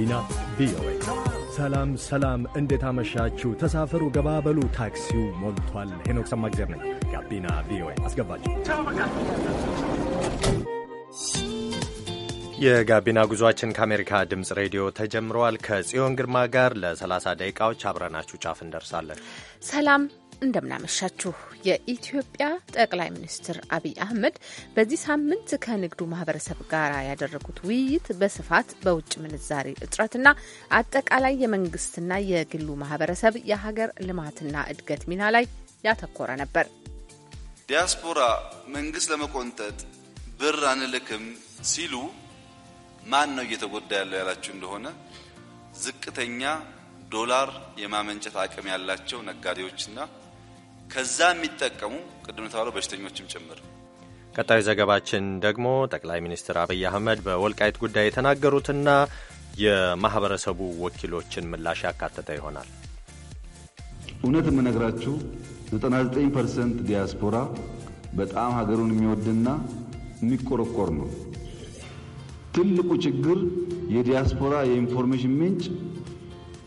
ጋቢና ቪኦኤ። ሰላም ሰላም፣ እንዴት አመሻችሁ? ተሳፈሩ፣ ገባበሉ፣ ታክሲው ሞልቷል። ሄኖክ ሰማግዜር ነኝ። ጋቢና ቪኦኤ አስገባችሁ። የጋቢና ጉዟችን ከአሜሪካ ድምፅ ሬዲዮ ተጀምረዋል። ከጽዮን ግርማ ጋር ለ30 ደቂቃዎች አብረናችሁ ጫፍ እንደርሳለን። ሰላም እንደምናመሻችሁ። የኢትዮጵያ ጠቅላይ ሚኒስትር አብይ አህመድ በዚህ ሳምንት ከንግዱ ማህበረሰብ ጋር ያደረጉት ውይይት በስፋት በውጭ ምንዛሪ እጥረትና አጠቃላይ የመንግስትና የግሉ ማህበረሰብ የሀገር ልማትና እድገት ሚና ላይ ያተኮረ ነበር። ዲያስፖራ መንግስት ለመቆንጠጥ ብር አንልክም ሲሉ ማን ነው እየተጎዳ ያለው ያላችሁ እንደሆነ ዝቅተኛ ዶላር የማመንጨት አቅም ያላቸው ነጋዴዎችና ከዛ የሚጠቀሙ ቅድም ተባለው በሽተኞችም ጭምር። ቀጣዩ ዘገባችን ደግሞ ጠቅላይ ሚኒስትር አብይ አህመድ በወልቃይት ጉዳይ የተናገሩትና የማህበረሰቡ ወኪሎችን ምላሽ ያካተተ ይሆናል። እውነት የምነግራችሁ 99 ፐርሰንት ዲያስፖራ በጣም ሀገሩን የሚወድና የሚቆረቆር ነው። ትልቁ ችግር የዲያስፖራ የኢንፎርሜሽን ምንጭ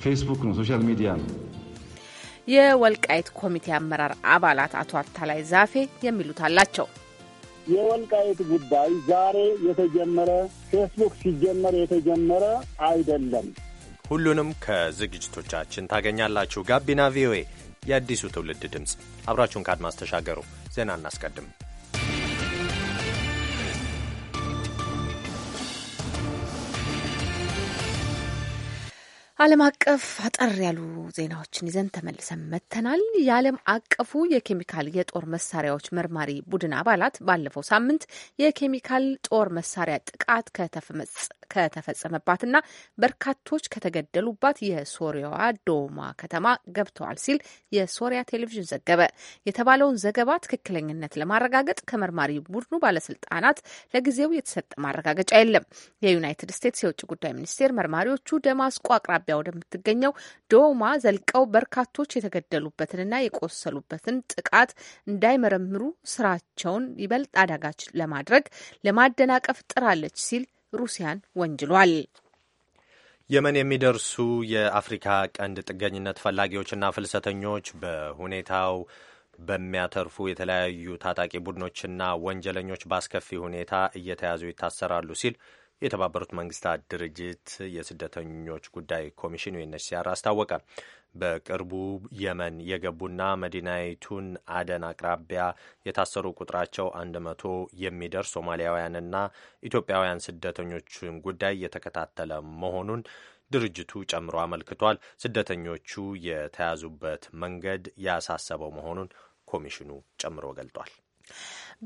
ፌስቡክ ነው፣ ሶሻል ሚዲያ ነው። የወልቃይት ኮሚቴ አመራር አባላት አቶ አታላይ ዛፌ የሚሉት አላቸው። የወልቃይት ጉዳይ ዛሬ የተጀመረ ፌስቡክ ሲጀመር የተጀመረ አይደለም። ሁሉንም ከዝግጅቶቻችን ታገኛላችሁ። ጋቢና ቪኦኤ፣ የአዲሱ ትውልድ ድምፅ። አብራችሁን ከአድማስ ተሻገሩ። ዜና እናስቀድም። ዓለም አቀፍ አጠር ያሉ ዜናዎችን ይዘን ተመልሰን መጥተናል። የዓለም አቀፉ የኬሚካል የጦር መሳሪያዎች መርማሪ ቡድን አባላት ባለፈው ሳምንት የኬሚካል ጦር መሳሪያ ጥቃት ከተፈጸመባትና በርካቶች ከተገደሉባት የሶሪያዋ ዶማ ከተማ ገብተዋል ሲል የሶሪያ ቴሌቪዥን ዘገበ። የተባለውን ዘገባ ትክክለኝነት ለማረጋገጥ ከመርማሪ ቡድኑ ባለስልጣናት ለጊዜው የተሰጠ ማረጋገጫ የለም። የዩናይትድ ስቴትስ የውጭ ጉዳይ ሚኒስቴር መርማሪዎቹ ደማስቆ አቅራቢያ በሊቢያ ወደምትገኘው ዶማ ዘልቀው በርካቶች የተገደሉበትንና የቆሰሉበትን ጥቃት እንዳይመረምሩ ስራቸውን ይበልጥ አዳጋች ለማድረግ ለማደናቀፍ ጥራለች ሲል ሩሲያን ወንጅሏል። የመን የሚደርሱ የአፍሪካ ቀንድ ጥገኝነት ፈላጊዎችና ፍልሰተኞች በሁኔታው በሚያተርፉ የተለያዩ ታጣቂ ቡድኖችና ወንጀለኞች በአስከፊ ሁኔታ እየተያዙ ይታሰራሉ ሲል የተባበሩት መንግስታት ድርጅት የስደተኞች ጉዳይ ኮሚሽን ዩኤንኤችሲአር አስታወቀ። በቅርቡ የመን የገቡና መዲናይቱን አደን አቅራቢያ የታሰሩ ቁጥራቸው አንድ መቶ የሚደርስ ሶማሊያውያንና ኢትዮጵያውያን ስደተኞችን ጉዳይ የተከታተለ መሆኑን ድርጅቱ ጨምሮ አመልክቷል። ስደተኞቹ የተያዙበት መንገድ ያሳሰበው መሆኑን ኮሚሽኑ ጨምሮ ገልጧል።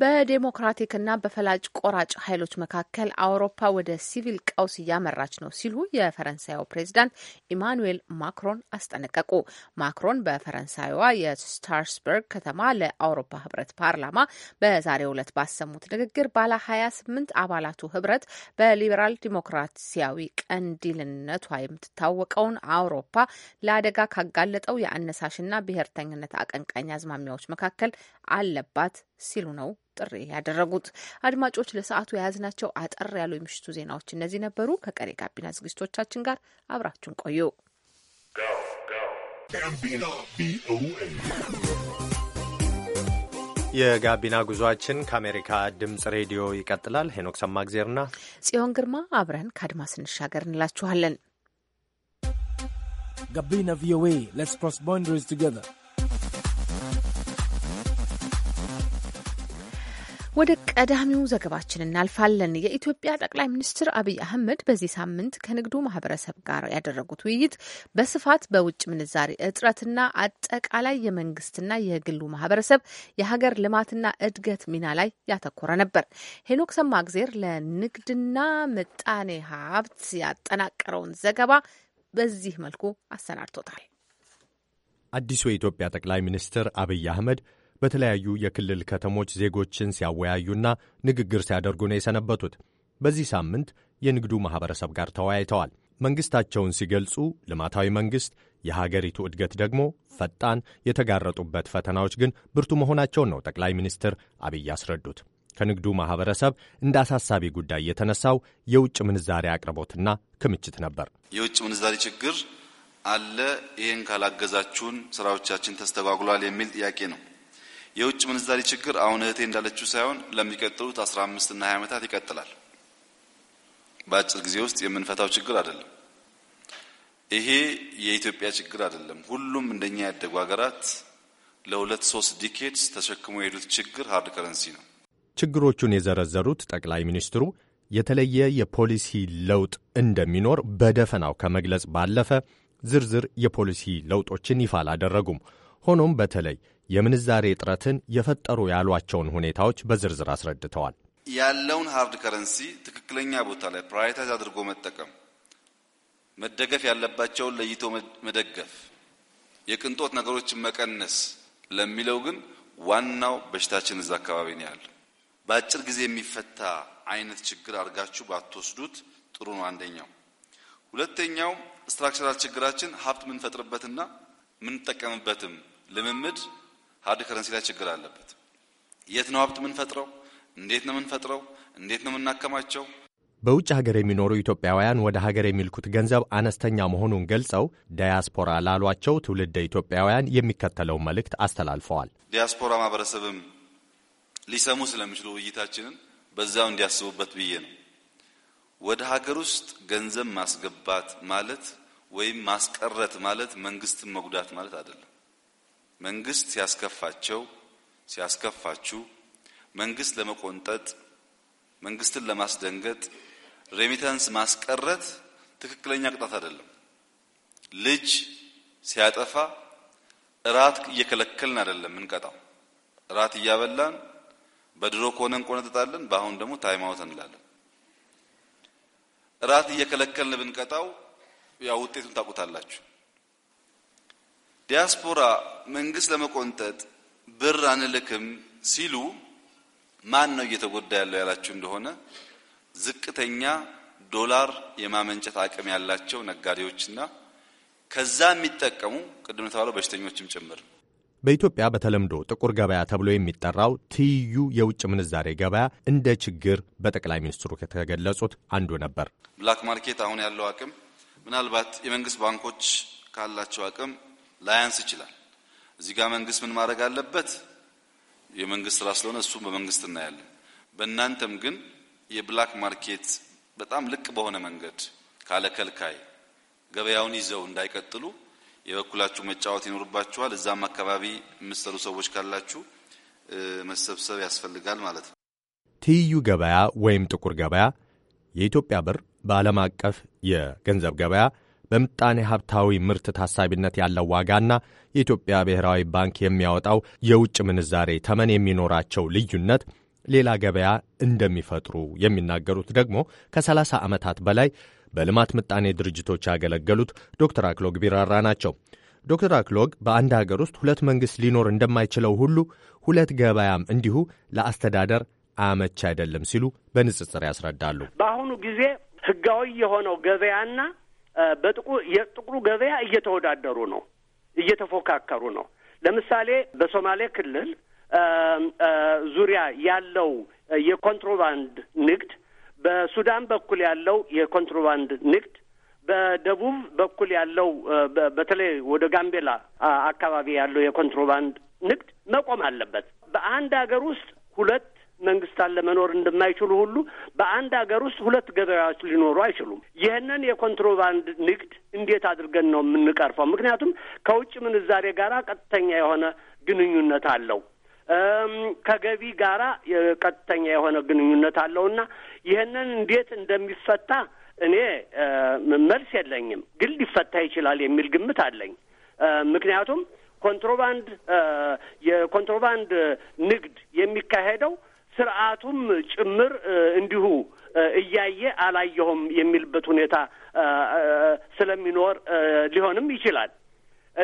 በዴሞክራቲክና በፈላጭ ቆራጭ ኃይሎች መካከል አውሮፓ ወደ ሲቪል ቀውስ እያመራች ነው ሲሉ የፈረንሳዩ ፕሬዚዳንት ኢማኑኤል ማክሮን አስጠነቀቁ። ማክሮን በፈረንሳይዋ የስታርስበርግ ከተማ ለአውሮፓ ህብረት ፓርላማ በዛሬው ዕለት ባሰሙት ንግግር ባለ 28 አባላቱ ህብረት በሊበራል ዲሞክራሲያዊ ቀንዲልነቷ የምትታወቀውን አውሮፓ ለአደጋ ካጋለጠው የአነሳሽና ብሔርተኝነት አቀንቃኝ አዝማሚያዎች መካከል አለባት ሲሉ ነው ጥሪ ያደረጉት። አድማጮች ለሰዓቱ የያዝናቸው አጠር ያሉ የምሽቱ ዜናዎች እነዚህ ነበሩ። ከቀሪ ጋቢና ዝግጅቶቻችን ጋር አብራችሁን ቆዩ። የጋቢና ጉዟችን ከአሜሪካ ድምጽ ሬዲዮ ይቀጥላል። ሄኖክ ሰማግዜርና ጽዮን ግርማ አብረን ከአድማስ እንሻገር እንላችኋለን። ጋቢና ቪኦኤ ሌትስ ክሮስ ባውንደሪስ ቱጌዘር ወደ ቀዳሚው ዘገባችን እናልፋለን። የኢትዮጵያ ጠቅላይ ሚኒስትር አብይ አህመድ በዚህ ሳምንት ከንግዱ ማህበረሰብ ጋር ያደረጉት ውይይት በስፋት በውጭ ምንዛሪ እጥረትና አጠቃላይ የመንግስትና የግሉ ማህበረሰብ የሀገር ልማትና እድገት ሚና ላይ ያተኮረ ነበር። ሄኖክ ሰማእግዜር ለንግድና ምጣኔ ሀብት ያጠናቀረውን ዘገባ በዚህ መልኩ አሰናድቶታል። አዲሱ የኢትዮጵያ ጠቅላይ ሚኒስትር አብይ አህመድ በተለያዩ የክልል ከተሞች ዜጎችን ሲያወያዩና ንግግር ሲያደርጉ ነው የሰነበቱት። በዚህ ሳምንት የንግዱ ማኅበረሰብ ጋር ተወያይተዋል። መንግሥታቸውን ሲገልጹ ልማታዊ መንግሥት፣ የሀገሪቱ እድገት ደግሞ ፈጣን፣ የተጋረጡበት ፈተናዎች ግን ብርቱ መሆናቸውን ነው ጠቅላይ ሚኒስትር አብይ ያስረዱት። ከንግዱ ማኅበረሰብ እንደ አሳሳቢ ጉዳይ የተነሳው የውጭ ምንዛሬ አቅርቦትና ክምችት ነበር። የውጭ ምንዛሬ ችግር አለ፣ ይህን ካላገዛችሁን ስራዎቻችን ተስተጓጉሏል የሚል ጥያቄ ነው የውጭ ምንዛሪ ችግር አሁን እህቴ እንዳለችው ሳይሆን ለሚቀጥሉት 15 እና 20 ዓመታት ይቀጥላል። በአጭር ጊዜ ውስጥ የምንፈታው ችግር አይደለም። ይሄ የኢትዮጵያ ችግር አይደለም። ሁሉም እንደኛ ያደጉ ሀገራት ለሁለት ሶስት ዲኬድስ ተሸክሞ የሄዱት ችግር ሃርድ ከረንሲ ነው። ችግሮቹን የዘረዘሩት ጠቅላይ ሚኒስትሩ የተለየ የፖሊሲ ለውጥ እንደሚኖር በደፈናው ከመግለጽ ባለፈ ዝርዝር የፖሊሲ ለውጦችን ይፋ አላደረጉም። ሆኖም በተለይ የምንዛሬ እጥረትን የፈጠሩ ያሏቸውን ሁኔታዎች በዝርዝር አስረድተዋል። ያለውን ሃርድ ከረንሲ ትክክለኛ ቦታ ላይ ፕራዮሪታይዝ አድርጎ መጠቀም፣ መደገፍ ያለባቸውን ለይቶ መደገፍ፣ የቅንጦት ነገሮችን መቀነስ ለሚለው ግን ዋናው በሽታችን እዛ አካባቢ ነው ያለ። በአጭር ጊዜ የሚፈታ አይነት ችግር አድርጋችሁ ባትወስዱት ጥሩ ነው። አንደኛው። ሁለተኛው ስትራክቸራል ችግራችን ሀብት የምንፈጥርበትና የምንጠቀምበትም ልምምድ ሀርድ ከረንሲ ላይ ችግር አለበት። የት ነው ሀብት የምንፈጥረው? እንዴት ነው የምንፈጥረው? እንዴት ነው የምናከማቸው? በውጭ ሀገር የሚኖሩ ኢትዮጵያውያን ወደ ሀገር የሚልኩት ገንዘብ አነስተኛ መሆኑን ገልጸው ዳያስፖራ ላሏቸው ትውልደ ኢትዮጵያውያን የሚከተለውን መልእክት አስተላልፈዋል። ዲያስፖራ ማህበረሰብም ሊሰሙ ስለሚችሉ ውይይታችንን በዛው እንዲያስቡበት ብዬ ነው። ወደ ሀገር ውስጥ ገንዘብ ማስገባት ማለት ወይም ማስቀረት ማለት መንግስትን መጉዳት ማለት አይደለም። መንግስት ሲያስከፋቸው ሲያስከፋችሁ መንግስት ለመቆንጠጥ መንግስትን ለማስደንገጥ ሬሚታንስ ማስቀረት ትክክለኛ ቅጣት አይደለም። ልጅ ሲያጠፋ እራት እየከለከልን አይደለም ምንቀጣው። እራት እያበላን በድሮ ከሆነ እንቆነጥጣለን፣ በአሁን ደግሞ ታይም አውት እንላለን። እራት እየከለከልን ብንቀጣው ያው ውጤቱን ታውቁታላችሁ። ዲያስፖራ መንግስት ለመቆንጠጥ ብር አንልክም ሲሉ ማን ነው እየተጎዳ ያለው ያላችሁ እንደሆነ ዝቅተኛ ዶላር የማመንጨት አቅም ያላቸው ነጋዴዎችና ከዛ የሚጠቀሙ ቅድም የተባለው በሽተኞችም ጭምር። በኢትዮጵያ በተለምዶ ጥቁር ገበያ ተብሎ የሚጠራው ትይዩ የውጭ ምንዛሬ ገበያ እንደ ችግር በጠቅላይ ሚኒስትሩ ከተገለጹት አንዱ ነበር። ብላክ ማርኬት አሁን ያለው አቅም ምናልባት የመንግስት ባንኮች ካላቸው አቅም ላያንስ ይችላል። እዚህ ጋር መንግስት ምን ማድረግ አለበት? የመንግስት ስራ ስለሆነ እሱ በመንግስት እናያለን። በእናንተም ግን የብላክ ማርኬት በጣም ልቅ በሆነ መንገድ ካለ ከልካይ ገበያውን ይዘው እንዳይቀጥሉ የበኩላችሁ መጫወት ይኖርባችኋል። እዛም አካባቢ የምትሰሩ ሰዎች ካላችሁ መሰብሰብ ያስፈልጋል ማለት ነው። ትይዩ ገበያ ወይም ጥቁር ገበያ የኢትዮጵያ ብር በዓለም አቀፍ የገንዘብ ገበያ በምጣኔ ሀብታዊ ምርት ታሳቢነት ያለው ዋጋና የኢትዮጵያ ብሔራዊ ባንክ የሚያወጣው የውጭ ምንዛሬ ተመን የሚኖራቸው ልዩነት ሌላ ገበያ እንደሚፈጥሩ የሚናገሩት ደግሞ ከሰላሳ ዓመታት በላይ በልማት ምጣኔ ድርጅቶች ያገለገሉት ዶክተር አክሎግ ቢራራ ናቸው። ዶክተር አክሎግ በአንድ ሀገር ውስጥ ሁለት መንግሥት ሊኖር እንደማይችለው ሁሉ ሁለት ገበያም እንዲሁ ለአስተዳደር አመች አይደለም ሲሉ በንጽጽር ያስረዳሉ። በአሁኑ ጊዜ ሕጋዊ የሆነው ገበያና በጥቁር የጥቁሩ ገበያ እየተወዳደሩ ነው፣ እየተፎካከሩ ነው። ለምሳሌ በሶማሌ ክልል ዙሪያ ያለው የኮንትሮባንድ ንግድ፣ በሱዳን በኩል ያለው የኮንትሮባንድ ንግድ፣ በደቡብ በኩል ያለው በተለይ ወደ ጋምቤላ አካባቢ ያለው የኮንትሮባንድ ንግድ መቆም አለበት። በአንድ ሀገር ውስጥ ሁለት መንግስታት ለመኖር እንደማይችሉ ሁሉ በአንድ ሀገር ውስጥ ሁለት ገበያዎች ሊኖሩ አይችሉም። ይህንን የኮንትሮባንድ ንግድ እንዴት አድርገን ነው የምንቀርፈው? ምክንያቱም ከውጭ ምንዛሬ ጋራ ቀጥተኛ የሆነ ግንኙነት አለው ከገቢ ጋራ ቀጥተኛ የሆነ ግንኙነት አለው እና ይህንን እንዴት እንደሚፈታ እኔ መልስ የለኝም፣ ግን ሊፈታ ይችላል የሚል ግምት አለኝ። ምክንያቱም ኮንትሮባንድ የኮንትሮባንድ ንግድ የሚካሄደው ስርዓቱም ጭምር እንዲሁ እያየ አላየሁም የሚልበት ሁኔታ ስለሚኖር ሊሆንም ይችላል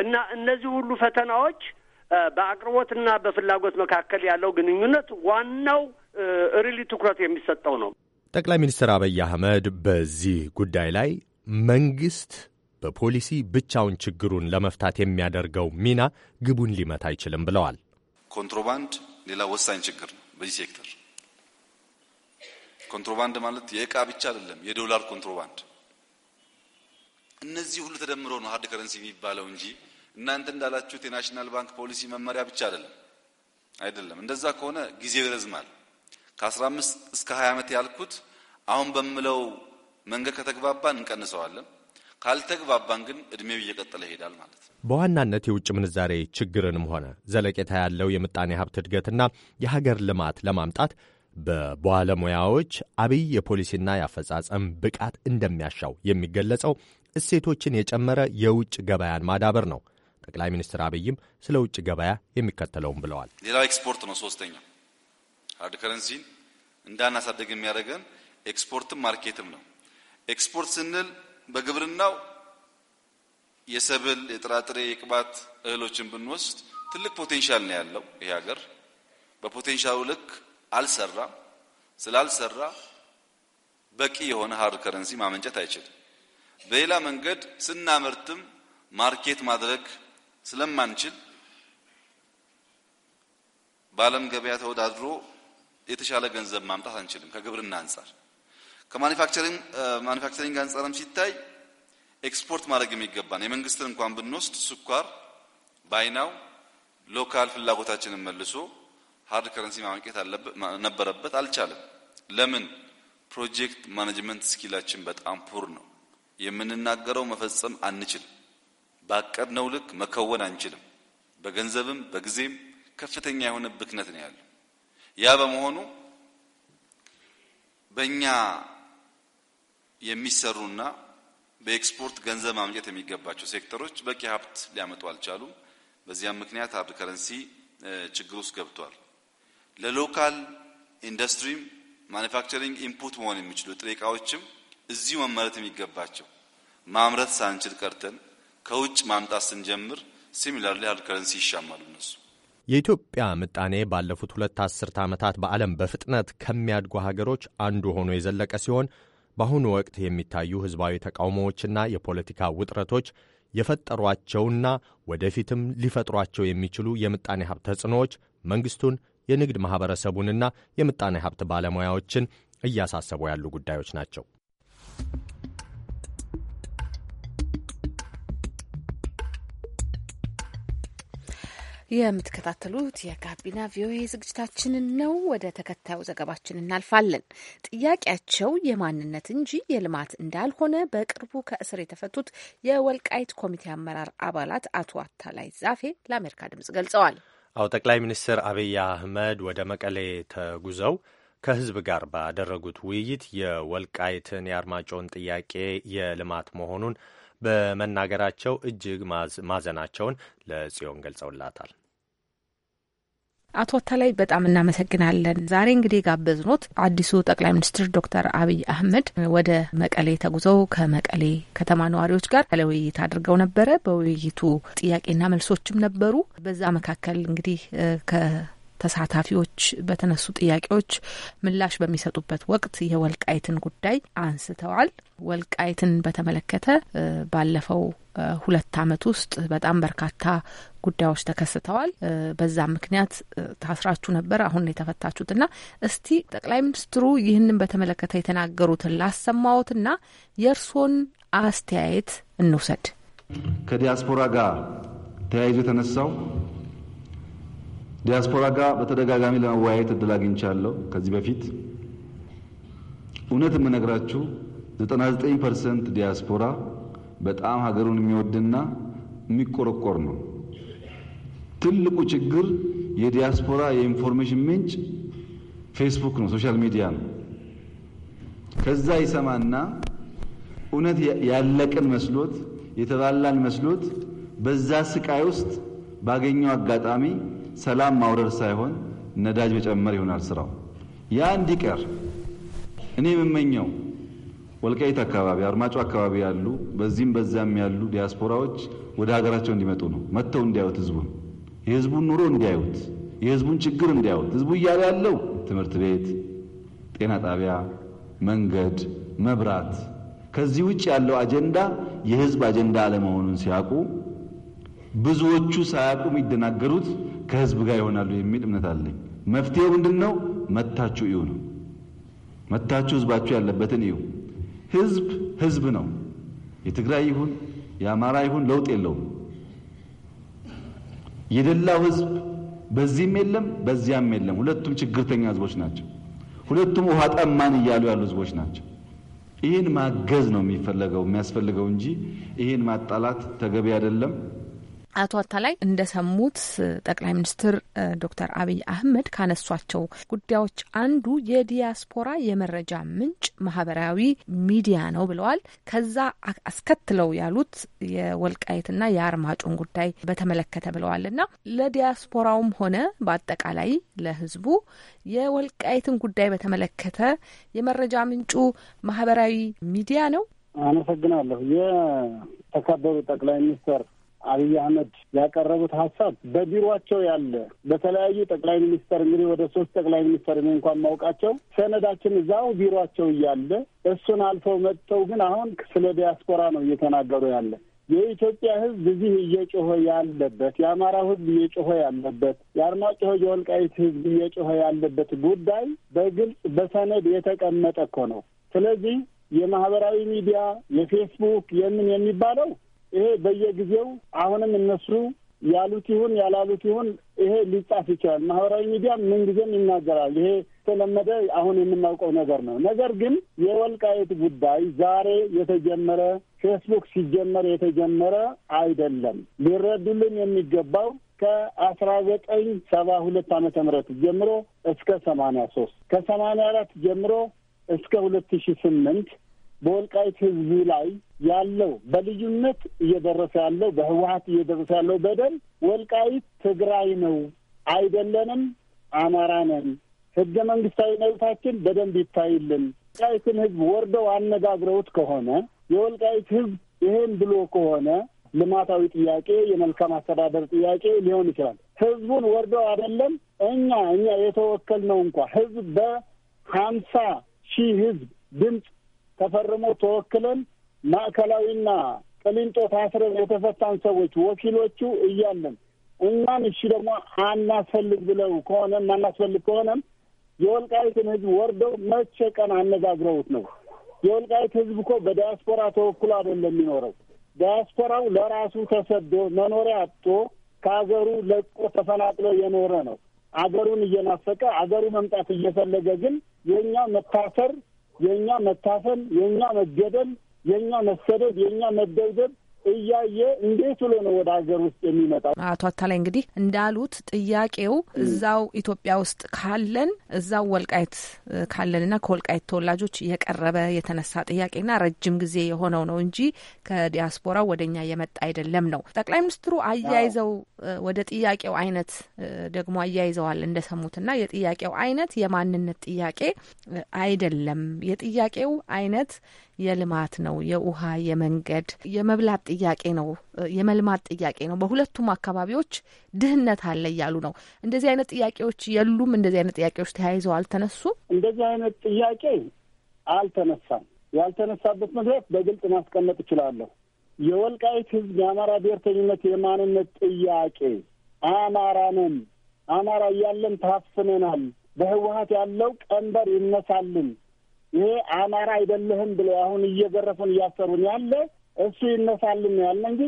እና እነዚህ ሁሉ ፈተናዎች በአቅርቦትና በፍላጎት መካከል ያለው ግንኙነት ዋናው ሪሊ ትኩረት የሚሰጠው ነው። ጠቅላይ ሚኒስትር አብይ አህመድ በዚህ ጉዳይ ላይ መንግስት በፖሊሲ ብቻውን ችግሩን ለመፍታት የሚያደርገው ሚና ግቡን ሊመታ አይችልም ብለዋል። ኮንትሮባንድ ሌላ ወሳኝ ችግር ነው። በዚህ ሴክተር ኮንትሮባንድ ማለት የእቃ ብቻ አይደለም፣ የዶላር ኮንትሮባንድ። እነዚህ ሁሉ ተደምሮ ነው ሀርድ ከረንሲ የሚባለው እንጂ እናንተ እንዳላችሁት የናሽናል ባንክ ፖሊሲ መመሪያ ብቻ አይደለም አይደለም። እንደዛ ከሆነ ጊዜው ይረዝማል። ከ15 እስከ 20 ዓመት ያልኩት አሁን በምለው መንገድ ከተግባባን እንቀንሰዋለን። ካልተግባባን ግን እድሜው እየቀጠለ ይሄዳል ማለት ነው። በዋናነት የውጭ ምንዛሬ ችግርንም ሆነ ዘለቄታ ያለው የምጣኔ ሀብት እድገትና የሀገር ልማት ለማምጣት በባለሙያዎች አብይ የፖሊሲና የአፈጻጸም ብቃት እንደሚያሻው የሚገለጸው እሴቶችን የጨመረ የውጭ ገበያን ማዳበር ነው። ጠቅላይ ሚኒስትር አብይም ስለ ውጭ ገበያ የሚከተለውም ብለዋል። ሌላው ኤክስፖርት ነው። ሶስተኛው ሀርድ ከረንሲን እንዳናሳደግ የሚያደርገን ኤክስፖርትም ማርኬትም ነው። ኤክስፖርት ስንል በግብርናው የሰብል፣ የጥራጥሬ፣ የቅባት እህሎችን ብንወስድ ትልቅ ፖቴንሻል ነው ያለው ይሄ ሀገር። በፖቴንሻሉ ልክ አልሰራም። ስላልሰራ በቂ የሆነ ሀርድ ከረንሲ ማመንጨት አይችልም። በሌላ መንገድ ስናመርትም ማርኬት ማድረግ ስለማንችል በዓለም ገበያ ተወዳድሮ የተሻለ ገንዘብ ማምጣት አንችልም ከግብርና አንጻር ከማኒፋክቸሪንግ ማኒፋክቸሪንግ አንጻርም ሲታይ ኤክስፖርት ማድረግ የሚገባን የመንግስትን እንኳን ብንወስድ ስኳር ባይናው ሎካል ፍላጎታችንን መልሶ ሀርድ ከረንሲ ማመቄት ነበረበት፣ አልቻለም። ለምን? ፕሮጀክት ማኔጅመንት ስኪላችን በጣም ፑር ነው። የምንናገረው መፈጸም አንችልም። ነው ልክ መከወን አንችልም። በገንዘብም በጊዜም ከፍተኛ የሆነ ብክነት ነው ያለው። ያ በመሆኑ በእኛ የሚሰሩና በኤክስፖርት ገንዘብ ማምጨት የሚገባቸው ሴክተሮች በቂ ሀብት ሊያመጡ አልቻሉም። በዚያም ምክንያት ሀርድ ከረንሲ ችግር ውስጥ ገብቷል። ለሎካል ኢንዱስትሪም ማኒፋክቸሪንግ ኢንፑት መሆን የሚችሉ ጥሬ እቃዎችም እዚሁ መመረት የሚገባቸው ማምረት ሳንችል ቀርተን ከውጭ ማምጣት ስንጀምር ሲሚላር ሀርድ ከረንሲ ይሻማሉ እነሱ። የኢትዮጵያ ምጣኔ ባለፉት ሁለት አስርተ ዓመታት በዓለም በፍጥነት ከሚያድጉ ሀገሮች አንዱ ሆኖ የዘለቀ ሲሆን በአሁኑ ወቅት የሚታዩ ሕዝባዊ ተቃውሞዎችና የፖለቲካ ውጥረቶች የፈጠሯቸውና ወደፊትም ሊፈጥሯቸው የሚችሉ የምጣኔ ሀብት ተጽዕኖዎች መንግሥቱን፣ የንግድ ማኅበረሰቡንና የምጣኔ ሀብት ባለሙያዎችን እያሳሰቡ ያሉ ጉዳዮች ናቸው። የምትከታተሉት የጋቢና ቪኦኤ ዝግጅታችንን ነው። ወደ ተከታዩ ዘገባችን እናልፋለን። ጥያቄያቸው የማንነት እንጂ የልማት እንዳልሆነ በቅርቡ ከእስር የተፈቱት የወልቃይት ኮሚቴ አመራር አባላት አቶ አታላይ ዛፌ ለአሜሪካ ድምጽ ገልጸዋል። አው ጠቅላይ ሚኒስትር አብይ አህመድ ወደ መቀሌ ተጉዘው ከህዝብ ጋር ባደረጉት ውይይት የወልቃይትን የአርማጮን ጥያቄ የልማት መሆኑን በመናገራቸው እጅግ ማዘናቸውን ለጽዮን ገልጸውላታል። አቶ አታላይ በጣም እናመሰግናለን። ዛሬ እንግዲህ የጋበዝኖት አዲሱ ጠቅላይ ሚኒስትር ዶክተር አብይ አህመድ ወደ መቀሌ ተጉዘው ከመቀሌ ከተማ ነዋሪዎች ጋር ውይይት አድርገው ነበረ። በውይይቱ ጥያቄና መልሶችም ነበሩ። በዛ መካከል እንግዲህ ከተሳታፊዎች በተነሱ ጥያቄዎች ምላሽ በሚሰጡበት ወቅት የወልቃይትን ጉዳይ አንስተዋል። ወልቃይትን በተመለከተ ባለፈው ሁለት አመት ውስጥ በጣም በርካታ ጉዳዮች ተከስተዋል። በዛ ምክንያት ታስራችሁ ነበር፣ አሁን ና እስቲ ጠቅላይ ሚኒስትሩ ይህንን በተመለከተ የተናገሩትን ና የእርስዎን አስተያየት እንውሰድ። ከዲያስፖራ ጋር ተያይዞ የተነሳው ዲያስፖራ ጋር በተደጋጋሚ ለመወያየት እድል አግኝቻለሁ። ከዚህ በፊት እውነት የምነግራችሁ 99 ፐርሰንት ዲያስፖራ በጣም ሀገሩን የሚወድና የሚቆረቆር ነው። ትልቁ ችግር የዲያስፖራ የኢንፎርሜሽን ምንጭ ፌስቡክ ነው፣ ሶሻል ሚዲያ ነው። ከዛ ይሰማና እውነት ያለቅን መስሎት የተባላን መስሎት በዛ ስቃይ ውስጥ ባገኘው አጋጣሚ ሰላም ማውረድ ሳይሆን ነዳጅ መጨመር ይሆናል ስራው። ያ እንዲቀር እኔ የምመኘው ወልቃይት አካባቢ አርማጮ አካባቢ ያሉ በዚህም በዛም ያሉ ዲያስፖራዎች ወደ ሀገራቸው እንዲመጡ ነው። መጥተው እንዲያዩት ህዝቡን፣ የህዝቡን ኑሮ እንዲያዩት፣ የህዝቡን ችግር እንዲያዩት። ህዝቡ እያለ ያለው ትምህርት ቤት፣ ጤና ጣቢያ፣ መንገድ፣ መብራት ከዚህ ውጭ ያለው አጀንዳ የህዝብ አጀንዳ አለመሆኑን ሲያውቁ ብዙዎቹ ሳያውቁ የሚደናገሩት ከህዝብ ጋር ይሆናሉ የሚል እምነት አለኝ። መፍትሄው ምንድን ነው? መታችሁ እዩ ነው። መታችሁ ህዝባችሁ ያለበትን እዩ። ህዝብ ህዝብ ነው። የትግራይ ይሁን የአማራ ይሁን ለውጥ የለውም። የደላው ህዝብ በዚህም የለም በዚያም የለም። ሁለቱም ችግርተኛ ህዝቦች ናቸው። ሁለቱም ውሃ ጠማን እያሉ ያሉ ህዝቦች ናቸው። ይህን ማገዝ ነው የሚፈለገው የሚያስፈልገው እንጂ ይህን ማጣላት ተገቢ አይደለም። አቶ አታላይ እንደሰሙት ጠቅላይ ሚኒስትር ዶክተር አብይ አህመድ ካነሷቸው ጉዳዮች አንዱ የዲያስፖራ የመረጃ ምንጭ ማህበራዊ ሚዲያ ነው ብለዋል። ከዛ አስከትለው ያሉት የወልቃየትና የአርማጮን ጉዳይ በተመለከተ ብለዋል እና ለዲያስፖራውም ሆነ በአጠቃላይ ለህዝቡ የወልቃየትን ጉዳይ በተመለከተ የመረጃ ምንጩ ማህበራዊ ሚዲያ ነው። አመሰግናለሁ። የተከበሩ ጠቅላይ ሚኒስትር አብይ አህመድ ያቀረቡት ሀሳብ በቢሮቸው ያለ በተለያዩ ጠቅላይ ሚኒስተር እንግዲህ ወደ ሶስት ጠቅላይ ሚኒስተር እኔ እንኳን ማውቃቸው ሰነዳችን እዛው ቢሮቸው እያለ እሱን አልፈው መጥተው ግን አሁን ስለ ዲያስፖራ ነው እየተናገሩ ያለ የኢትዮጵያ ሕዝብ እዚህ እየጮኸ ያለበት የአማራው ሕዝብ እየጮኸ ያለበት የአርማጭሆ የወልቃይት ሕዝብ እየጮኸ ያለበት ጉዳይ በግልጽ በሰነድ የተቀመጠ እኮ ነው። ስለዚህ የማህበራዊ ሚዲያ የፌስቡክ የምን የሚባለው ይሄ በየጊዜው አሁንም እነሱ ያሉት ይሁን ያላሉት ይሁን ይሄ ሊጻፍ ይችላል። ማህበራዊ ሚዲያ ምንጊዜም ይናገራል። ይሄ የተለመደ አሁን የምናውቀው ነገር ነው። ነገር ግን የወልቃየት ጉዳይ ዛሬ የተጀመረ ፌስቡክ ሲጀመር የተጀመረ አይደለም። ሊረዱልን የሚገባው ከአስራ ዘጠኝ ሰባ ሁለት ዓመተ ምህረት ጀምሮ እስከ ሰማንያ ሶስት ከሰማንያ አራት ጀምሮ እስከ ሁለት ሺ ስምንት በወልቃይት ህዝብ ላይ ያለው በልዩነት እየደረሰ ያለው በህወሀት እየደረሰ ያለው በደል ወልቃይት ትግራይ ነው አይደለንም፣ አማራ ነን፣ ህገ መንግስታዊ መብታችን በደንብ ይታይልን። ወልቃይትን ህዝብ ወርደው አነጋግረውት ከሆነ የወልቃይት ህዝብ ይሄን ብሎ ከሆነ ልማታዊ ጥያቄ፣ የመልካም አስተዳደር ጥያቄ ሊሆን ይችላል። ህዝቡን ወርደው አይደለም እኛ እኛ የተወከልነው እንኳ ህዝብ በሀምሳ ሺህ ህዝብ ድምፅ ተፈርሞ ተወክለን ማዕከላዊና ቅሊንጦ ታስረን የተፈታን ሰዎች ወኪሎቹ እያለን እኛን እሺ ደግሞ አናስፈልግ ብለው ከሆነ አናስፈልግ ከሆነም የወልቃይትን ህዝብ ወርደው መቼ ቀን አነጋግረውት ነው? የወልቃይት ህዝብ እኮ በዲያስፖራ ተወክሎ አይደለም የሚኖረው። ዲያስፖራው ለራሱ ተሰዶ መኖሪያ አጥቶ ከሀገሩ ለቆ ተፈናቅሎ የኖረ ነው። አገሩን እየናፈቀ አገሩ መምጣት እየፈለገ ግን የእኛ መታሰር የእኛ መታፈን፣ የእኛ መገደል፣ የእኛ መሰደድ፣ የእኛ መደብደብ እያየ እንዴት ብሎ ነው ወደ ሀገር ውስጥ የሚመጣው? አቶ አታላይ እንግዲህ እንዳሉት ጥያቄው እዛው ኢትዮጵያ ውስጥ ካለን እዛው ወልቃይት ካለንና ከወልቃይት ተወላጆች የቀረበ የተነሳ ጥያቄና ረጅም ጊዜ የሆነው ነው እንጂ ከዲያስፖራው ወደ እኛ የመጣ አይደለም ነው ጠቅላይ ሚኒስትሩ አያይዘው ወደ ጥያቄው አይነት ደግሞ አያይዘዋል እንደሰሙትና የጥያቄው አይነት የማንነት ጥያቄ አይደለም። የጥያቄው አይነት የልማት ነው፣ የውሃ የመንገድ የመብላት ጥያቄ ነው፣ የመልማት ጥያቄ ነው። በሁለቱም አካባቢዎች ድህነት አለ እያሉ ነው። እንደዚህ አይነት ጥያቄዎች የሉም። እንደዚህ አይነት ጥያቄዎች ተያይዘው አልተነሱም። እንደዚህ አይነት ጥያቄ አልተነሳም። ያልተነሳበት ምክንያት በግልጽ ማስቀመጥ እችላለሁ። የወልቃይት ህዝብ የአማራ ብሔርተኝነት የማንነት ጥያቄ አማራ ነን፣ አማራ እያለን ታፍነናል፣ በህወሀት ያለው ቀንበር ይነሳልን ይሄ አማራ አይደለህም ብሎ አሁን እየገረፉን እያሰሩን ያለ እሱ ይነሳልን ነው ያለ እንጂ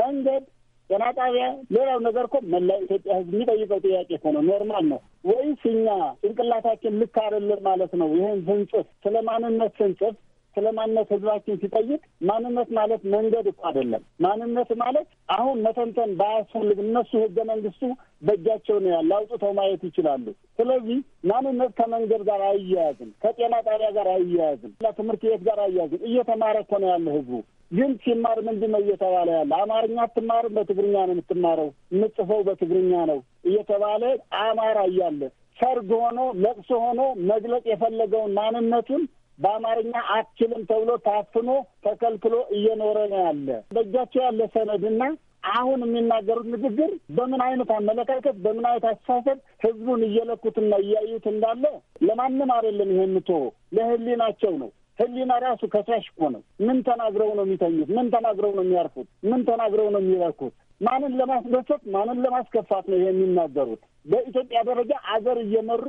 መንገድ፣ ጤና ጣቢያ፣ ሌላው ነገር እኮ መላ ኢትዮጵያ ህዝብ የሚጠይቀው ጥያቄ እኮ ነው። ኖርማል ነው ወይስ እኛ ጭንቅላታችን ልክ አይደለም ማለት ነው? ይህን ስንጽፍ ስለ ማንነት ስንጽፍ ስለ ማንነት ህዝባችን ሲጠይቅ ማንነት ማለት መንገድ እኮ አይደለም። ማንነት ማለት አሁን መተንተን ባያስፈልግ እነሱ ህገ መንግስቱ በእጃቸው ነው ያለ፣ አውጥተው ማየት ይችላሉ። ስለዚህ ማንነት ከመንገድ ጋር አይያያዝም፣ ከጤና ጣቢያ ጋር አይያያዝም፣ ከትምህርት ቤት ጋር አይያያዝም። እየተማረ እኮ ነው ያለ ህዝቡ ግን ሲማር ምንድን ነው እየተባለ ያለ? አማርኛ አትማርም፣ በትግርኛ ነው የምትማረው፣ የምጽፈው በትግርኛ ነው እየተባለ አማራ እያለ ሰርግ ሆኖ ለቅሶ ሆኖ መግለጽ የፈለገውን ማንነቱን በአማርኛ አትችልም ተብሎ ታፍኖ ተከልክሎ እየኖረ ነው ያለ። በእጃቸው ያለ ሰነድና አሁን የሚናገሩት ንግግር በምን አይነት አመለካከት በምን አይነት አስተሳሰብ ህዝቡን እየለኩትና እያዩት እንዳለ ለማንም አይደለም። ይሄ የምትሆ ለህሊናቸው ነው። ህሊና ራሱ ከሳሽ እኮ ነው። ምን ተናግረው ነው የሚተኙት? ምን ተናግረው ነው የሚያርፉት? ምን ተናግረው ነው የሚለኩት? ማንን ለማስደሰት ማንን ለማስከፋት ነው ይሄ የሚናገሩት? በኢትዮጵያ ደረጃ አገር እየመሩ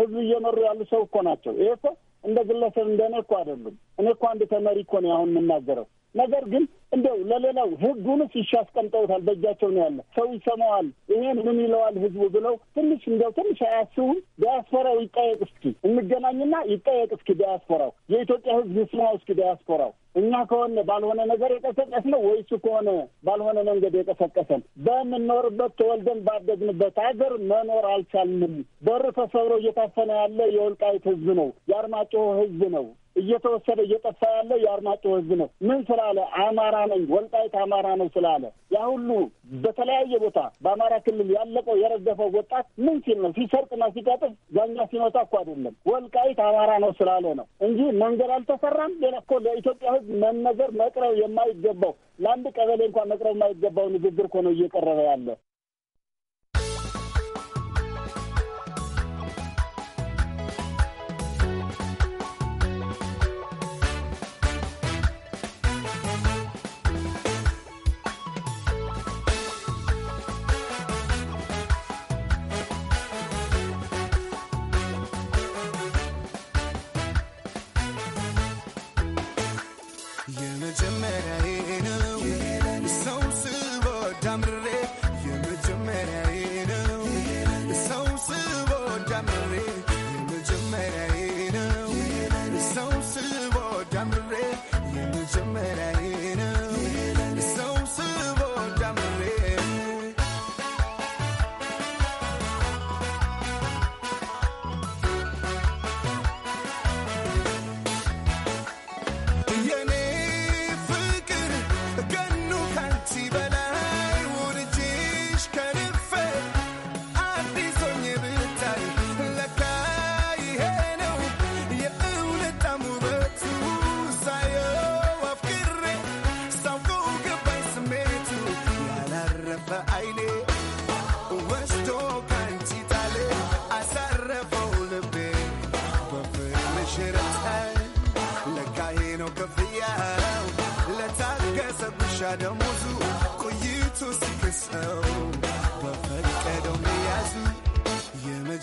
ህዝብ እየመሩ ያሉ ሰው እኮ ናቸው። ይሄ ሰው እንደ ግለሰብ እንደ እኔ እኮ አይደሉም። እኔ እኮ አንድ ተመሪ እኮ ነው አሁን የምናገረው። ነገር ግን እንደው ለሌላው ህጉንስ እሺ አስቀምጠውታል። በእጃቸው ነው ያለ ሰው ይሰማዋል። ይሄን ምን ይለዋል ህዝቡ ብለው ትንሽ እንደው ትንሽ አያስቡም። ዲያስፖራው ይጠየቅ እስኪ፣ እንገናኝና ይጠየቅ እስኪ ዲያስፖራው፣ የኢትዮጵያ ህዝብ ይስማው እስኪ ዲያስፖራው። እኛ ከሆነ ባልሆነ ነገር የቀሰቀስ ነው ወይሱ ከሆነ ባልሆነ መንገድ የቀሰቀሰን በምንኖርበት ተወልደን ባደግንበት ሀገር መኖር አልቻልንም። በር ተሰብሮ እየታፈነ ያለ የወልቃይት ህዝብ ነው፣ የአርማጭሆ ህዝብ ነው። እየተወሰደ እየጠፋ ያለው የአርማጭሆ ህዝብ ነው። ምን ስላለ አማራ ነኝ ወልቃይት አማራ ነው ስላለ ያ ሁሉ በተለያየ ቦታ በአማራ ክልል ያለቀው የረገፈው ወጣት ምን ሲል ነው? ሲሰርቅና ሲቀጥፍ ዛኛ ሲመታ እኮ አይደለም ወልቃይት አማራ ነው ስላለ ነው እንጂ መንገድ አልተሰራም። ሌላ እኮ ለኢትዮጵያ ህዝብ መነገር መቅረብ የማይገባው ለአንድ ቀበሌ እንኳን መቅረብ የማይገባው ንግግር እኮ ነው እየቀረበ ያለ።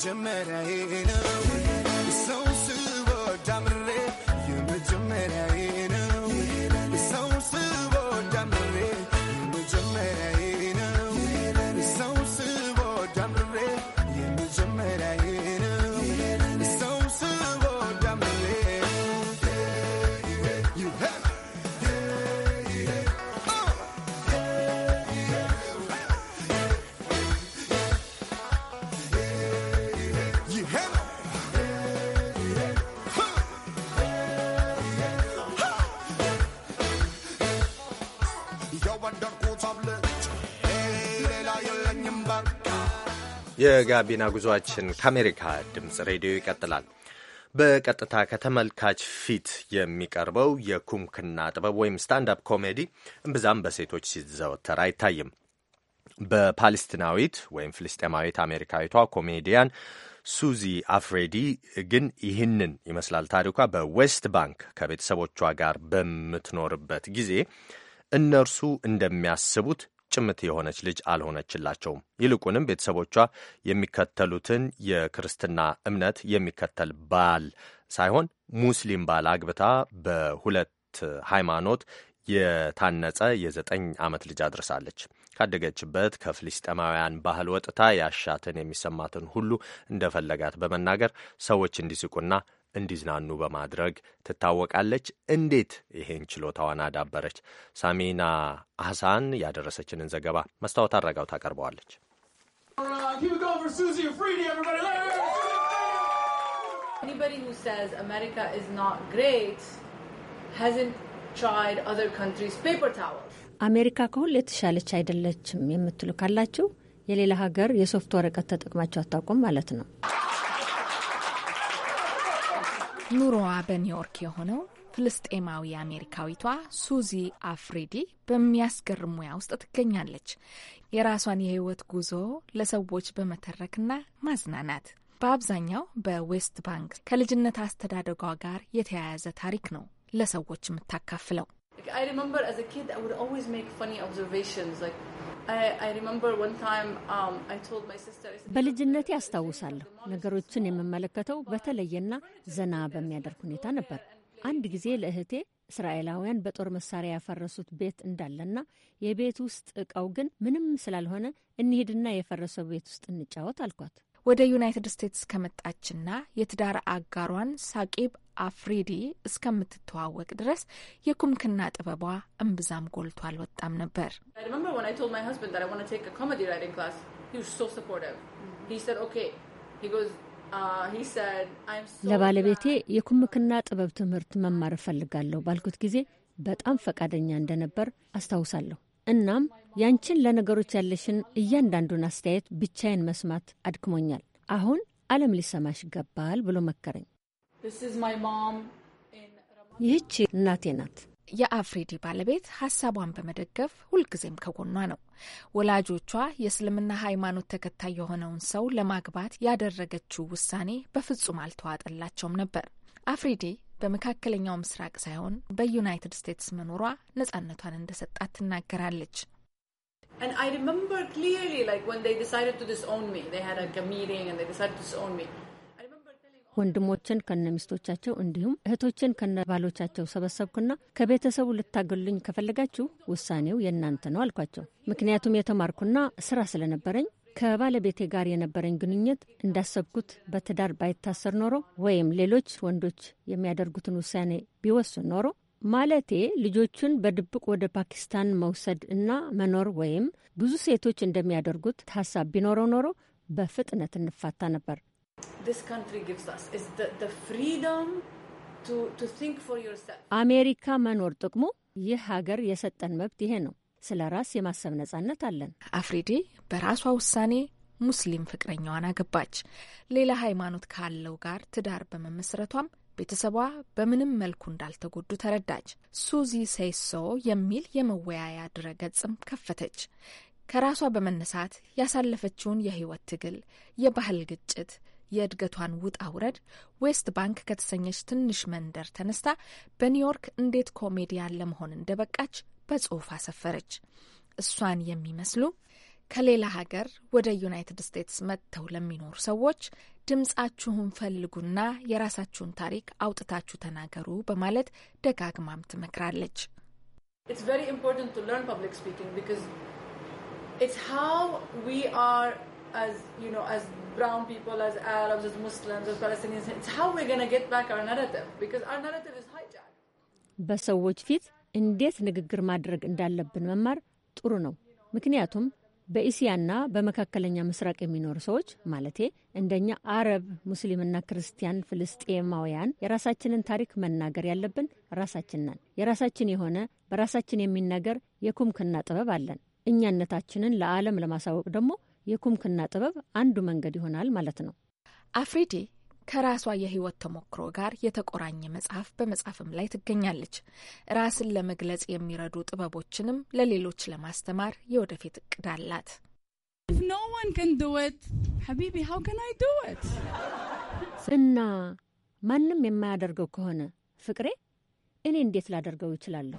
Jamaica. የጋቢና ጉዞአችን ከአሜሪካ ድምፅ ሬዲዮ ይቀጥላል። በቀጥታ ከተመልካች ፊት የሚቀርበው የኩምክና ጥበብ ወይም ስታንዳፕ ኮሜዲ እምብዛም በሴቶች ሲዘወተር አይታይም። በፓሌስቲናዊት ወይም ፍልስጤማዊት አሜሪካዊቷ ኮሜዲያን ሱዚ አፍሬዲ ግን ይህንን ይመስላል ታሪኳ። በዌስት ባንክ ከቤተሰቦቿ ጋር በምትኖርበት ጊዜ እነርሱ እንደሚያስቡት ጭምት የሆነች ልጅ አልሆነችላቸውም። ይልቁንም ቤተሰቦቿ የሚከተሉትን የክርስትና እምነት የሚከተል ባል ሳይሆን ሙስሊም ባል አግብታ በሁለት ሃይማኖት የታነጸ የዘጠኝ ዓመት ልጅ አድርሳለች። ካደገችበት ከፍልስጤማውያን ባህል ወጥታ ያሻትን የሚሰማትን ሁሉ እንደፈለጋት በመናገር ሰዎች እንዲስቁና እንዲዝናኑ በማድረግ ትታወቃለች። እንዴት ይሄን ችሎታዋን አዳበረች? ሳሚና አህሳን ያደረሰችንን ዘገባ መስታወት አረጋው ታቀርበዋለች። አሜሪካ ከሁሉ የተሻለች አይደለችም የምትሉ ካላችሁ የሌላ ሀገር የሶፍት ወረቀት ተጠቅማችሁ አታውቁም ማለት ነው። ኑሮዋ በኒውዮርክ የሆነው ፍልስጤማዊ አሜሪካዊቷ ሱዚ አፍሪዲ በሚያስገርም ሙያ ውስጥ ትገኛለች። የራሷን የህይወት ጉዞ ለሰዎች በመተረክና ማዝናናት በአብዛኛው በዌስት ባንክ ከልጅነት አስተዳደጓ ጋር የተያያዘ ታሪክ ነው ለሰዎች የምታካፍለው። Um, በልጅነት ያስታውሳለሁ። ነገሮችን የምመለከተው በተለየና ዘና በሚያደርግ ሁኔታ ነበር። አንድ ጊዜ ለእህቴ እስራኤላውያን በጦር መሳሪያ ያፈረሱት ቤት እንዳለና የቤት ውስጥ እቃው ግን ምንም ስላልሆነ እንሄድና የፈረሰው ቤት ውስጥ እንጫወት አልኳት። ወደ ዩናይትድ ስቴትስ ከመጣችና የትዳር አጋሯን ሳቂብ አፍሪዲ እስከምትተዋወቅ ድረስ የኩምክና ጥበቧ እምብዛም ጎልቶ አልወጣም ነበር። uh, ለባለቤቴ የኩምክና ጥበብ ትምህርት መማር እፈልጋለሁ ባልኩት ጊዜ በጣም ፈቃደኛ እንደነበር አስታውሳለሁ። እናም ያንቺን ለነገሮች ያለሽን እያንዳንዱን አስተያየት ብቻዬን መስማት አድክሞኛል። አሁን ዓለም ሊሰማሽ ይገባል ብሎ መከረኝ። ይህቺ እናቴ ናት። የአፍሬዲ ባለቤት ሀሳቧን በመደገፍ ሁልጊዜም ከጎኗ ነው። ወላጆቿ የእስልምና ሃይማኖት ተከታይ የሆነውን ሰው ለማግባት ያደረገችው ውሳኔ በፍጹም አልተዋጠላቸውም ነበር። አፍሪዲ በመካከለኛው ምስራቅ ሳይሆን በዩናይትድ ስቴትስ መኖሯ ነጻነቷን እንደሰጣት ትናገራለች። ወንድሞችን ከነ ሚስቶቻቸው እንዲሁም እህቶችን ከነ ባሎቻቸው ሰበሰብኩና ከቤተሰቡ ልታገሉኝ ከፈለጋችሁ ውሳኔው የእናንተ ነው አልኳቸው። ምክንያቱም የተማርኩና ስራ ስለነበረኝ ከባለቤቴ ጋር የነበረኝ ግንኙነት እንዳሰብኩት በትዳር ባይታሰር ኖሮ ወይም ሌሎች ወንዶች የሚያደርጉትን ውሳኔ ቢወስን ኖሮ ማለቴ ልጆቹን በድብቅ ወደ ፓኪስታን መውሰድ እና መኖር ወይም ብዙ ሴቶች እንደሚያደርጉት ሀሳብ ቢኖረው ኖሮ በፍጥነት እንፋታ ነበር። አሜሪካ መኖር ጥቅሙ ይህ ሀገር የሰጠን መብት ይሄ ነው። ስለ ራስ የማሰብ ነጻነት አለን። አፍሪዴ በራሷ ውሳኔ ሙስሊም ፍቅረኛዋን አገባች። ሌላ ሃይማኖት ካለው ጋር ትዳር በመመስረቷም ቤተሰቧ በምንም መልኩ እንዳልተጎዱ ተረዳች። ሱዚ ሴሶ የሚል የመወያያ ድረገጽም ከፈተች። ከራሷ በመነሳት ያሳለፈችውን የህይወት ትግል፣ የባህል ግጭት፣ የእድገቷን ውጣ ውረድ ዌስት ባንክ ከተሰኘች ትንሽ መንደር ተነስታ በኒውዮርክ እንዴት ኮሜዲያን ለመሆን እንደበቃች በጽሑፍ አሰፈረች። እሷን የሚመስሉ ከሌላ ሀገር ወደ ዩናይትድ ስቴትስ መጥተው ለሚኖሩ ሰዎች ድምጻችሁን ፈልጉና የራሳችሁን ታሪክ አውጥታችሁ ተናገሩ በማለት ደጋግማም ትመክራለች። በሰዎች ፊት እንዴት ንግግር ማድረግ እንዳለብን መማር ጥሩ ነው። ምክንያቱም በእስያና በመካከለኛ ምስራቅ የሚኖሩ ሰዎች ማለቴ እንደኛ አረብ፣ ሙስሊምና ክርስቲያን ፍልስጤማውያን የራሳችንን ታሪክ መናገር ያለብን ራሳችን ነን። የራሳችን የሆነ በራሳችን የሚነገር የኩምክና ጥበብ አለን። እኛነታችንን ለዓለም ለማሳወቅ ደግሞ የኩምክና ጥበብ አንዱ መንገድ ይሆናል ማለት ነው። አፍሪዲ ከራሷ የህይወት ተሞክሮ ጋር የተቆራኘ መጽሐፍ በመጻፍም ላይ ትገኛለች። ራስን ለመግለጽ የሚረዱ ጥበቦችንም ለሌሎች ለማስተማር የወደፊት እቅድ አላት። እና ማንም የማያደርገው ከሆነ ፍቅሬ እኔ እንዴት ላደርገው ይችላለሁ?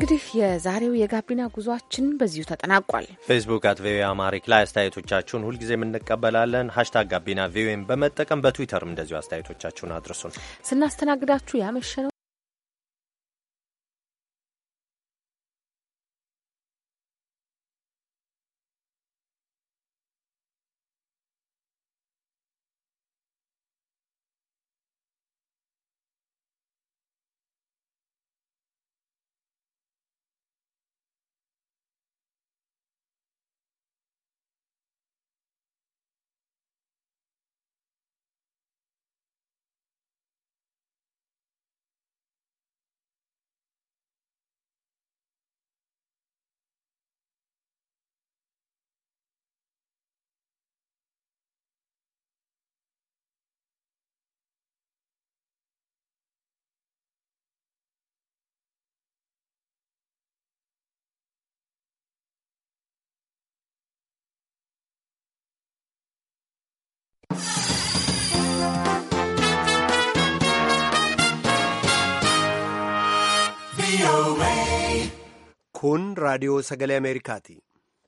እንግዲህ የዛሬው የጋቢና ጉዟችን በዚሁ ተጠናቋል። ፌስቡክ አት ቪኦኤ አማሪክ ላይ አስተያየቶቻችሁን ሁልጊዜም እንቀበላለን። ሀሽታግ ጋቢና ቪኦኤን በመጠቀም በትዊተርም እንደዚሁ አስተያየቶቻችሁን አድርሱን። ስናስተናግዳችሁ ያመሸነው Kun raadiyoo Sagale Ameerikaati.